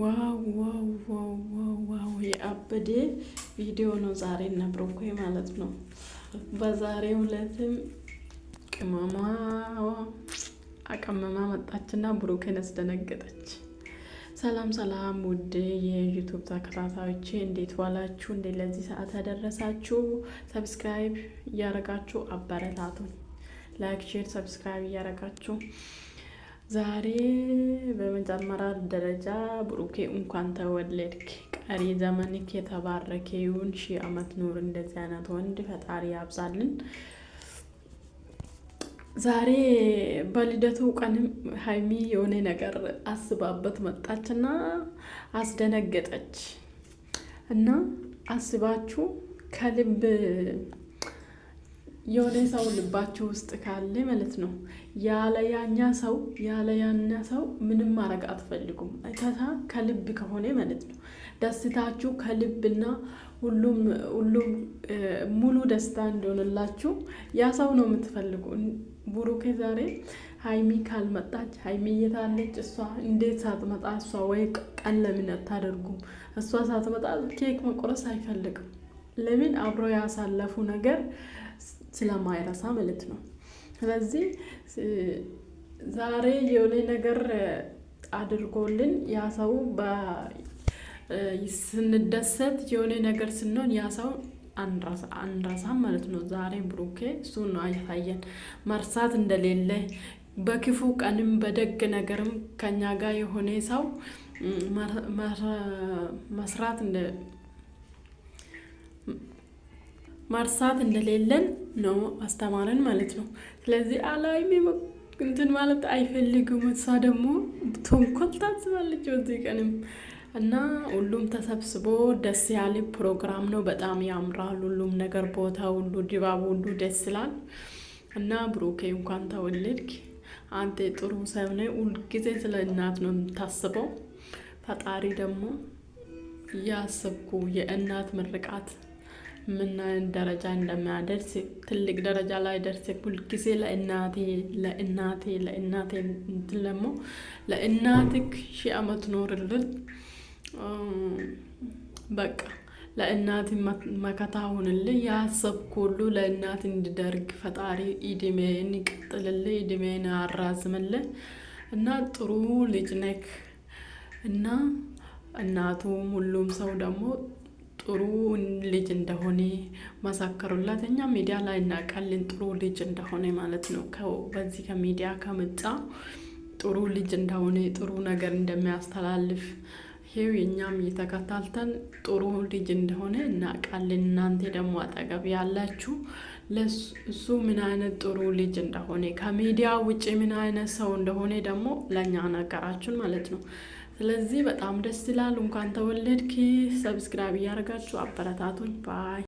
ዋው ዋው ዋው ዋው የአበደ ቪዲዮ ነው ዛሬ እና ብሩኬ ማለት ነው። በዛሬው ዕለትም ቅመማ አቀመማ መጣችና ብሩኬን አስደነገጠች። ሰላም ሰላም፣ ውድ የዩቱብ ተከታታዮች እንዴት ዋላችሁ? እንዴት ለዚህ ሰዓት ያደረሳችሁ? ሰብስክራይብ እያረጋችሁ አበረታቱን። ላይክ፣ ሼር፣ ሰብስክራይብ እያረጋችሁ ዛሬ በመጀመሪያ ደረጃ ብሩኬ እንኳን ተወለድክ፣ ቀሪ ዘመንክ የተባረከ ይሁን፣ ሺህ ዓመት ኑር። እንደዚህ አይነት ወንድ ፈጣሪ ያብዛልን። ዛሬ በልደቱ ቀንም ሀይሚ የሆነ ነገር አስባበት መጣችና አስደነገጠች እና አስባችሁ ከልብ የሆነ ሰው ልባቸው ውስጥ ካለ ማለት ነው ያለ ያኛ ሰው ያለ ያኛ ሰው ምንም ማድረግ አትፈልጉም። ከታ ከልብ ከሆነ ማለት ነው ደስታችሁ ከልብና ሁሉም ሁሉም ሙሉ ደስታ እንደሆነላችሁ ያ ሰው ነው የምትፈልጉ። ቡሩኬ ዛሬ ሀይሚ ካልመጣች ሀይሚ እየታለች እሷ እንዴት ሳትመጣ እሷ ወይ ቀን ለምን አታደርጉም? እሷ ሳትመጣ ኬክ መቆረስ አይፈልግም። ለምን አብሮ ያሳለፉ ነገር ስለማይረሳ ማለት ነው። ስለዚህ ዛሬ የሆነ ነገር አድርጎልን ያ ሰው ስንደሰት የሆነ ነገር ስንሆን ያ ሰው አንረሳም ማለት ነው። ዛሬ ብሩኬ እሱ ነው አያሳየን መርሳት እንደሌለ በክፉ ቀንም በደግ ነገርም ከኛ ጋር የሆነ ሰው መስራት ማርሳት እንደሌለን ነው አስተማረን ማለት ነው። ስለዚህ አላይሚ እንትን ማለት አይፈልግም። እሷ ደግሞ ተንኮል ታስባለች በዚህ ቀንም እና ሁሉም ተሰብስቦ ደስ ያለ ፕሮግራም ነው። በጣም ያምራል። ሁሉም ነገር ቦታ ሁሉ ድባብ ሁሉ ደስ ይላል። እና ብሩኬ እንኳን ተወለድክ። አንተ ጥሩ ሰው ነህ። ሁልጊዜ ስለ እናት ነው የምታስበው። ፈጣሪ ደግሞ እያሰብኩ የእናት ምርቃት ምን ደረጃ እንደሚያደርስ ትልቅ ደረጃ ላይ ደርስ። ሁልጊዜ ለእናቴ ለእናቴ ለእናቴ እንትን ደግሞ ለእናትክ ሺ አመት ኖርልን በቃ ለእናት መከታ ሁንልኝ። ያሰብኩ ሁሉ ለእናት እንዲደርግ ፈጣሪ እድሜን ይቀጥልልኝ፣ እድሜን ያራዝምልኝ እና ጥሩ ልጅ ነክ እና እናቱም ሁሉም ሰው ደግሞ ጥሩ ልጅ እንደሆነ መሰከሩላት። እኛ ሚዲያ ላይ እናውቃለን ጥሩ ልጅ እንደሆነ ማለት ነው። በዚህ ከሚዲያ ከመጣ ጥሩ ልጅ እንደሆነ ጥሩ ነገር እንደሚያስተላልፍ ይሄው የእኛም እየተከታተልን ጥሩ ልጅ እንደሆነ እናውቃለን። እናንተ ደግሞ አጠገብ ያላችሁ ለእሱ ምን አይነት ጥሩ ልጅ እንደሆነ ከሚዲያ ውጭ ምን አይነት ሰው እንደሆነ ደግሞ ለእኛ ነገራችን ማለት ነው። ስለዚህ በጣም ደስ ይላል። እንኳን ተወለድክ። ሰብስክራይብ እያደረጋችሁ አበረታቱኝ ባይ